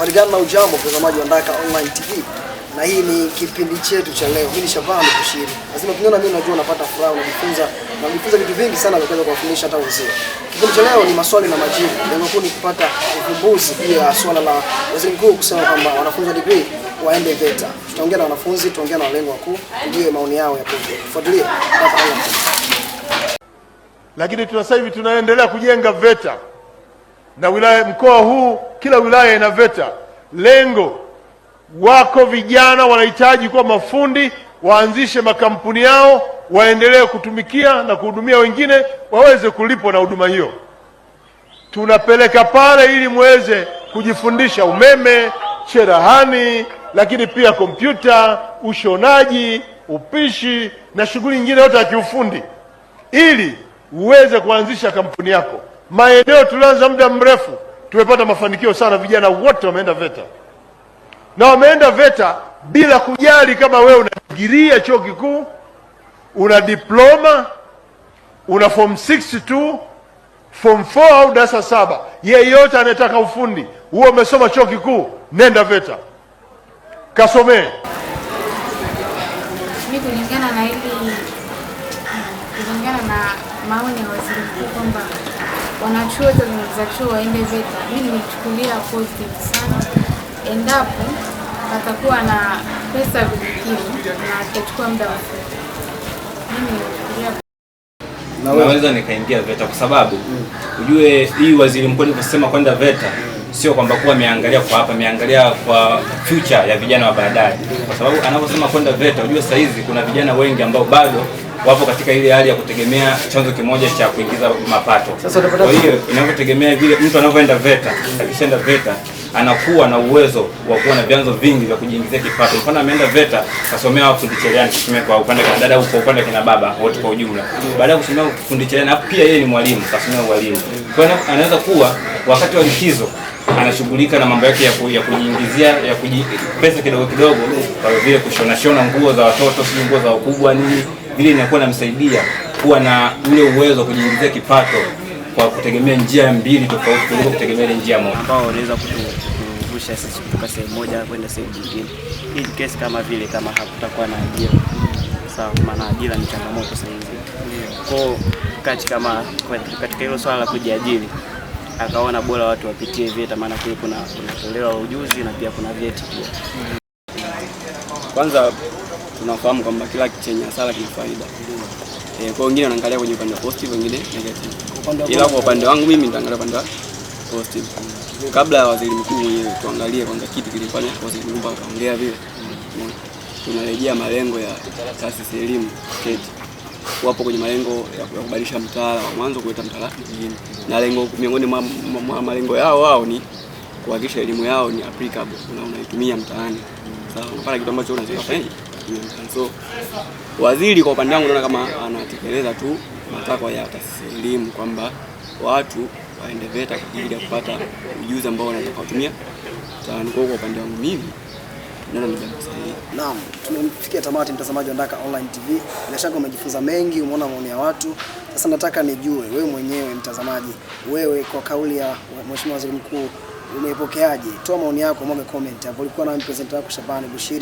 Marigana na ujambo, mtazamaji wa Ndaka Online TV, na hii ni kipindi chetu cha leo. Mimi ni Shabani Kushiri. Lazima tunaona, mimi najua unapata furaha, unajifunza na unajifunza vitu vingi sana vya kuweza kuwafundisha hata wazee. Kipindi cha leo ni maswali na majibu. Lengo kuu ni kupata ufumbuzi juu ya swala la waziri mkuu kusema kwamba wanafunzi wa degree waende VETA. Tutaongea na wanafunzi, tutaongea na walengo wakuu, ndio maoni yao ya kufuatilia. Fuatilia. Lakini tuna sasa hivi tunaendelea kujenga VETA na wilaya, mkoa huu, kila wilaya ina VETA. Lengo wako vijana wanahitaji kuwa mafundi, waanzishe makampuni yao, waendelee kutumikia na kuhudumia wengine, waweze kulipwa na huduma hiyo. Tunapeleka pale ili muweze kujifundisha umeme, cherahani lakini pia kompyuta, ushonaji, upishi na shughuli nyingine yote ya kiufundi, ili uweze kuanzisha kampuni yako maeneo tulianza muda mrefu tumepata mafanikio sana. Vijana wote wameenda VETA na wameenda VETA bila kujali kama wewe una digirii ya chuo kikuu, una diploma, una form 6 tu, form 4 au darasa saba. Yeyote anayetaka ufundi huo, umesoma chuo kikuu, nenda VETA kasomee. Mimi kulingana na hili, kulingana na maoni ya waziri mkuu kwamba wanachuo za chuo waende VETA. Mimi nilichukulia positive sana, endapo atakuwa na pesa kujikimu na atachukua muda mfupi. Mimi naweza nikaingia VETA kwa sababu ujue hii waziri mkuu aliposema kwenda VETA sio kwamba kuwa ameangalia kwa hapa, ameangalia kwa future ya vijana wa baadaye, kwa sababu anaposema kwenda VETA, ujue saizi kuna vijana wengi ambao bado wapo katika ile hali ya kutegemea chanzo kimoja cha kuingiza mapato. Kwa hiyo inavyotegemea vile mtu anavyoenda VETA, akishaenda VETA anakuwa na uwezo wa kuwa na vyanzo vingi vya kujiingizia kipato. Mfano, ameenda VETA kasomea fundi cherehani, kusomea kwa upande wa dada au kwa upande kina baba wote kwa ujumla. Baada ya kusomea ufundi cherehani, pia yeye ni mwalimu, kasomea ualimu. Kwa hiyo anaweza kuwa wakati wa likizo anashughulika na mambo yake ya kujiingizia ya kuji pesa kidogo kidogo, kwa vile kushona shona nguo za watoto, si nguo za wakubwa nini vile inakuwa inamsaidia kuwa na ule uwezo wa kujiingizia kipato kwa kutegemea njia mbili tofauti kuliko kutegemea ile njia moja, ambao wanaweza kutuvusha sisi kutoka sehemu moja kwenda sehemu nyingine. Hii kesi kama vile kama hakutakuwa na ajira sawa, maana ajira ni changamoto sasa hivi kati kama katika hilo swala la kujiajiri akaona bora watu wapitie veta maana kule kuna kunatolewa ujuzi na pia kuna vyeti pia kwanza tunafahamu kwamba kila chenye hasara kina faida. Eh, kwa wengine wanaangalia kwenye upande wa positive, wengine negative, ila kwa upande wangu mimi nitaangalia upande wa positive. Kabla ya waziri mkuu mwenyewe, tuangalie kwanza kitu kilifanya waziri mkuu akaongea vile. Tunarejea malengo ya taasisi elimu KET, wapo kwenye malengo ya kubadilisha mtaala wa mwanzo kuleta mtaala mwingine, na lengo miongoni mwa malengo yao wao ni kuhakikisha elimu yao ni applicable, unaitumia mtaani. Sasa unapata kitu ambacho unachofanya mengine. So waziri kwa upande wangu naona kama anatekeleza tu matakwa ya taasisi elimu kwamba watu waende VETA kwa ajili ya kupata ujuzi ambao wanaweza kutumia tani. Kwa upande wangu mimi naona ni jambo sahihi. Naam, tumemfikia tamati mtazamaji wa Ndaka Online TV. Bila shaka umejifunza mengi, umeona maoni ya watu. Sasa nataka nijue wewe mwenyewe mtazamaji, wewe kwa kauli ya Mheshimiwa Waziri Mkuu umeipokeaje? Toa maoni yako, mwaga comment hapo. Ulikuwa na presenter wako Shabani Bushiri.